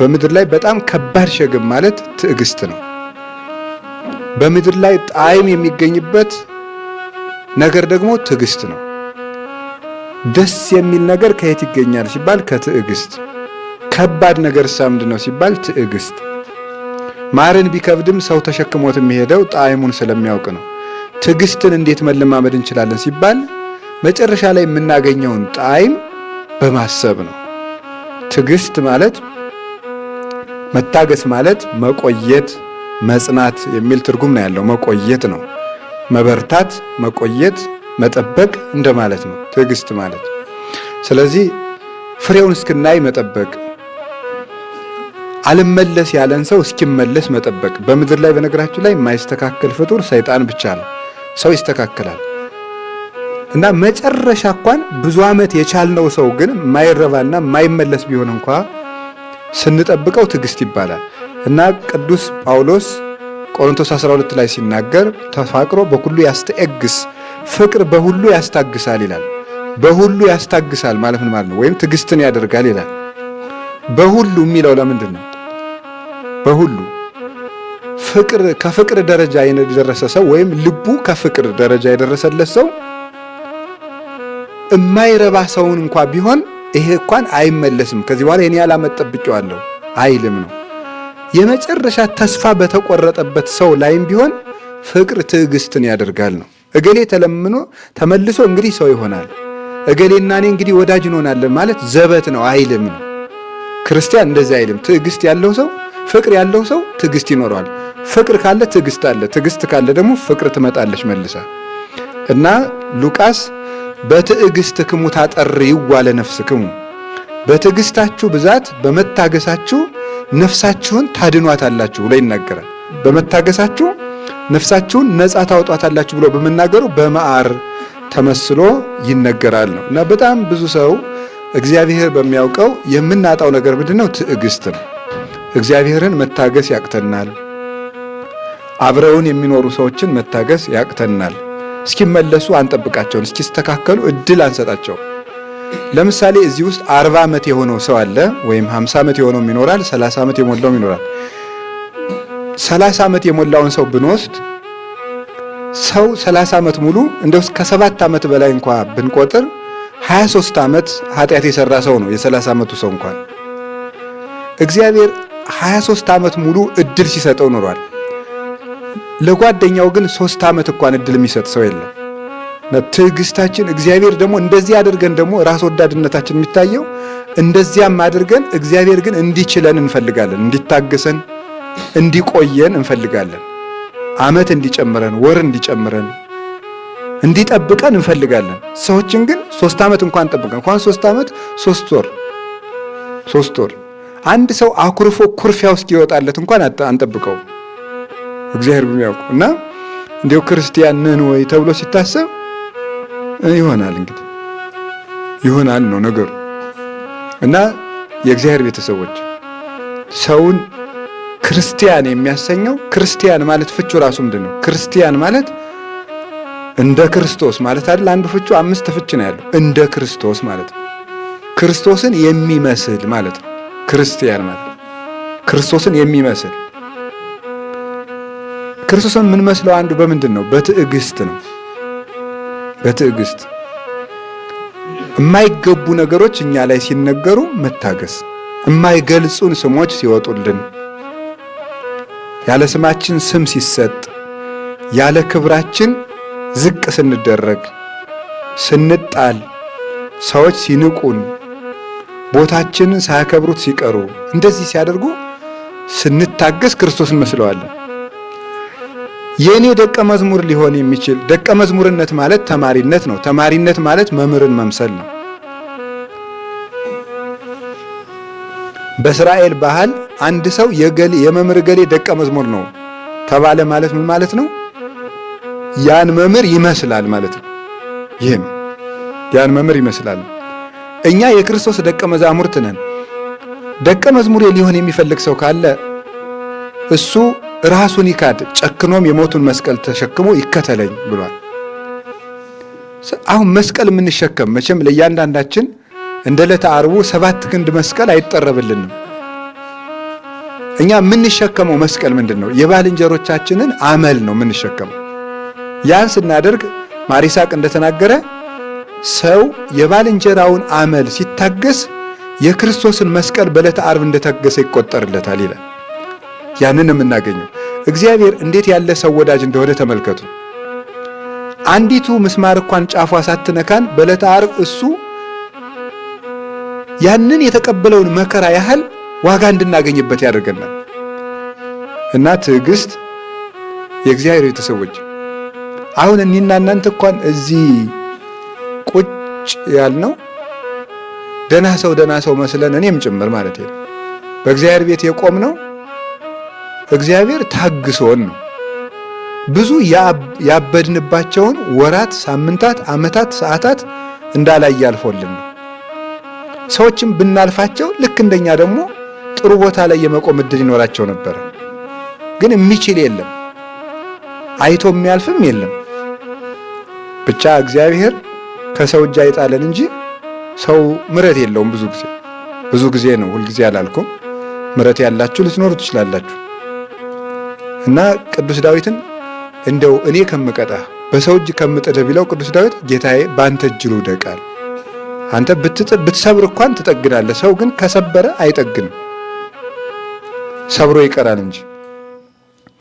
በምድር ላይ በጣም ከባድ ሸግብ ማለት ትዕግስት ነው። በምድር ላይ ጣዕም የሚገኝበት ነገር ደግሞ ትዕግስት ነው። ደስ የሚል ነገር ከየት ይገኛል ሲባል ከትዕግስት። ከባድ ነገር ሳምድ ነው ሲባል ትዕግስት። ማርን ቢከብድም ሰው ተሸክሞት የሚሄደው ጣዕሙን ስለሚያውቅ ነው። ትዕግስትን እንዴት መለማመድ እንችላለን ሲባል መጨረሻ ላይ የምናገኘውን ጣዕም በማሰብ ነው። ትዕግስት ማለት መታገስ ማለት መቆየት፣ መጽናት የሚል ትርጉም ነው ያለው። መቆየት ነው መበርታት፣ መቆየት፣ መጠበቅ እንደማለት ነው ትዕግስት ማለት። ስለዚህ ፍሬውን እስክናይ መጠበቅ፣ አልመለስ ያለን ሰው እስኪመለስ መጠበቅ። በምድር ላይ በነገራችን ላይ የማይስተካከል ፍጡር ሰይጣን ብቻ ነው። ሰው ይስተካከላል እና መጨረሻ እንኳን ብዙ ዓመት የቻልነው ሰው ግን የማይረባና የማይመለስ ቢሆን እንኳ ስንጠብቀው ትዕግስት ይባላል እና ቅዱስ ጳውሎስ ቆሮንቶስ 12 ላይ ሲናገር ተፋቅሮ በሁሉ ያስተግስ ፍቅር በሁሉ ያስታግሳል ይላል። በሁሉ ያስታግሳል ማለት ምን ማለት ነው? ወይም ትዕግስትን ያደርጋል ይላል። በሁሉ የሚለው ለምንድን ነው? በሁሉ ፍቅር ከፍቅር ደረጃ የደረሰ ሰው ወይም ልቡ ከፍቅር ደረጃ የደረሰለት ሰው የማይረባ ሰውን እንኳ ቢሆን ይሄ እንኳን አይመለስም ከዚህ በኋላ እኔ ያላመት አይልም ነው። የመጨረሻ ተስፋ በተቆረጠበት ሰው ላይም ቢሆን ፍቅር ትዕግስትን ያደርጋል ነው። እገሌ ተለምኖ ተመልሶ እንግዲህ ሰው ይሆናል፣ እገሌና እኔ እንግዲህ ወዳጅ እንሆናለን ማለት ዘበት ነው አይልም ነው። ክርስቲያን እንደዚህ አይልም። ትዕግስት ያለው ሰው ፍቅር ያለው ሰው ትዕግስት ይኖረዋል። ፍቅር ካለ ትዕግስት አለ። ትዕግስት ካለ ደግሞ ፍቅር ትመጣለች መልሳ እና ሉቃስ በትዕግስት ይዋለ ነፍስ ክሙ በትዕግስታችሁ ብዛት በመታገሳችሁ ነፍሳችሁን ታድኗታላችሁ ብሎ ይናገራል። በመታገሳችሁ ነፍሳችሁን ነፃ ታወጧታላችሁ ብሎ በመናገሩ በመዓር ተመስሎ ይነገራል ነው እና በጣም ብዙ ሰው እግዚአብሔር በሚያውቀው የምናጣው ነገር ምንድን ነው? ትዕግስት ነው። እግዚአብሔርን መታገስ ያቅተናል። አብረውን የሚኖሩ ሰዎችን መታገስ ያቅተናል። እስኪመለሱ አንጠብቃቸውን፣ እስኪስተካከሉ እድል አንሰጣቸው። ለምሳሌ እዚህ ውስጥ አርባ ዓመት የሆነው ሰው አለ፣ ወይም ሀምሳ ዓመት የሆነውም ይኖራል፣ ሰላሳ ዓመት የሞላውም ይኖራል። ሰላሳ ዓመት የሞላውን ሰው ብንወስድ ሰው ሰላሳ ዓመት ሙሉ እንደው ከሰባት ዓመት በላይ እንኳ ብንቆጥር 23 ዓመት ኃጢአት የሰራ ሰው ነው የ የ30 ዓመቱ ሰው እንኳን እግዚአብሔር 23 ዓመት ሙሉ እድል ሲሰጠው ኖሯል። ለጓደኛው ግን ሶስት ዓመት እንኳን እድል የሚሰጥ ሰው የለም። ትዕግስታችን እግዚአብሔር ደግሞ እንደዚህ አድርገን ደግሞ ራስ ወዳድነታችን የሚታየው እንደዚያም አድርገን እግዚአብሔር ግን እንዲችለን እንፈልጋለን፣ እንዲታገሰን እንዲቆየን እንፈልጋለን፣ ዓመት እንዲጨምረን፣ ወር እንዲጨምረን፣ እንዲጠብቀን እንፈልጋለን። ሰዎችን ግን ሶስት ዓመት እንኳን ጠብቀን እንኳን ሶስት ዓመት ሶስት ወር ሶስት ወር አንድ ሰው አኩርፎ ኩርፊያ ውስጥ ይወጣለት እንኳን አንጠብቀውም። እግዚአብሔር በሚያውቁ እና እንዲው ክርስቲያን ነን ወይ ተብሎ ሲታሰብ ይሆናል እንግዲህ ይሆናል ነው ነገሩ። እና የእግዚአብሔር ቤተሰቦች ሰውን ክርስቲያን የሚያሰኘው ክርስቲያን ማለት ፍቹ ራሱ ምንድን ነው? ክርስቲያን ማለት እንደ ክርስቶስ ማለት አይደል? አንዱ ፍቹ አምስት ፍች ነው ያለው። እንደ ክርስቶስ ማለት ነው። ክርስቶስን የሚመስል ማለት ነው። ክርስቲያን ማለት ክርስቶስን የሚመስል ክርስቶስን የምንመስለው አንዱ በምንድን ነው? በትዕግስት ነው። በትዕግስት የማይገቡ ነገሮች እኛ ላይ ሲነገሩ መታገስ፣ የማይገልጹን ስሞች ሲወጡልን፣ ያለ ስማችን ስም ሲሰጥ፣ ያለ ክብራችን ዝቅ ስንደረግ፣ ስንጣል፣ ሰዎች ሲንቁን፣ ቦታችንን ሳያከብሩት ሲቀሩ፣ እንደዚህ ሲያደርጉ ስንታገስ ክርስቶስን መስለዋለን። የእኔ ደቀ መዝሙር ሊሆን የሚችል ደቀ መዝሙርነት ማለት ተማሪነት ነው። ተማሪነት ማለት መምህርን መምሰል ነው። በእስራኤል ባህል አንድ ሰው የገሌ የመምህር ገሌ ደቀ መዝሙር ነው ተባለ ማለት ምን ማለት ነው? ያን መምህር ይመስላል ማለት ነው። ይህ ነው ያን መምህር ይመስላል። እኛ የክርስቶስ ደቀ መዛሙርት ነን። ደቀ መዝሙር ሊሆን የሚፈልግ ሰው ካለ እሱ ራሱን ይካድ ጨክኖም የሞቱን መስቀል ተሸክሞ ይከተለኝ ብሏል። አሁን መስቀል የምንሸከም መቼም ለእያንዳንዳችን እንደ ዕለተ ዓርቡ ሰባት ክንድ መስቀል አይጠረብልንም። እኛ የምንሸከመው መስቀል ምንድን ነው? የባልንጀሮቻችንን አመል ነው የምንሸከመው። ያን ስናደርግ ማሪሳቅ እንደተናገረ ሰው የባልንጀራውን አመል ሲታገስ የክርስቶስን መስቀል በዕለተ ዓርብ እንደታገሰ ይቆጠርለታል ይላል። ያንን የምናገኘው። እግዚአብሔር እንዴት ያለ ሰው ወዳጅ እንደሆነ ተመልከቱ። አንዲቱ ምስማር እንኳን ጫፏ ሳትነካን በዕለተ ዓርብ እሱ ያንን የተቀበለውን መከራ ያህል ዋጋ እንድናገኝበት ያደርገናል። እና ትዕግስት የእግዚአብሔር ቤተሰቦች አሁን እኔና እናንተ እንኳን እዚህ ቁጭ ያልነው ደህና ሰው ደህና ሰው መስለን እኔም ጭምር ማለት ነው በእግዚአብሔር ቤት የቆምነው እግዚአብሔር ታግሶን ነው። ብዙ ያበድንባቸውን ወራት፣ ሳምንታት፣ ዓመታት፣ ሰዓታት እንዳላይ ያልፎልን ነው። ሰዎችም ብናልፋቸው ልክ እንደኛ ደግሞ ጥሩ ቦታ ላይ የመቆም እድል ይኖራቸው ነበረ። ግን የሚችል የለም፣ አይቶ የሚያልፍም የለም። ብቻ እግዚአብሔር ከሰው እጅ አይጣለን እንጂ ሰው ምረት የለውም። ብዙ ጊዜ ብዙ ጊዜ ነው፣ ሁልጊዜ አላልኩም። ምረት ያላችሁ ልትኖሩ ትችላላችሁ። እና ቅዱስ ዳዊትን እንደው እኔ ከምቀጣህ በሰው እጅ ከምጥልህ ቢለው ቅዱስ ዳዊት ጌታዬ በአንተ እጅ ልውደቃል። አንተ ብትሰብር እንኳን ትጠግናለህ። ሰው ግን ከሰበረ አይጠግንም፣ ሰብሮ ይቀራል እንጂ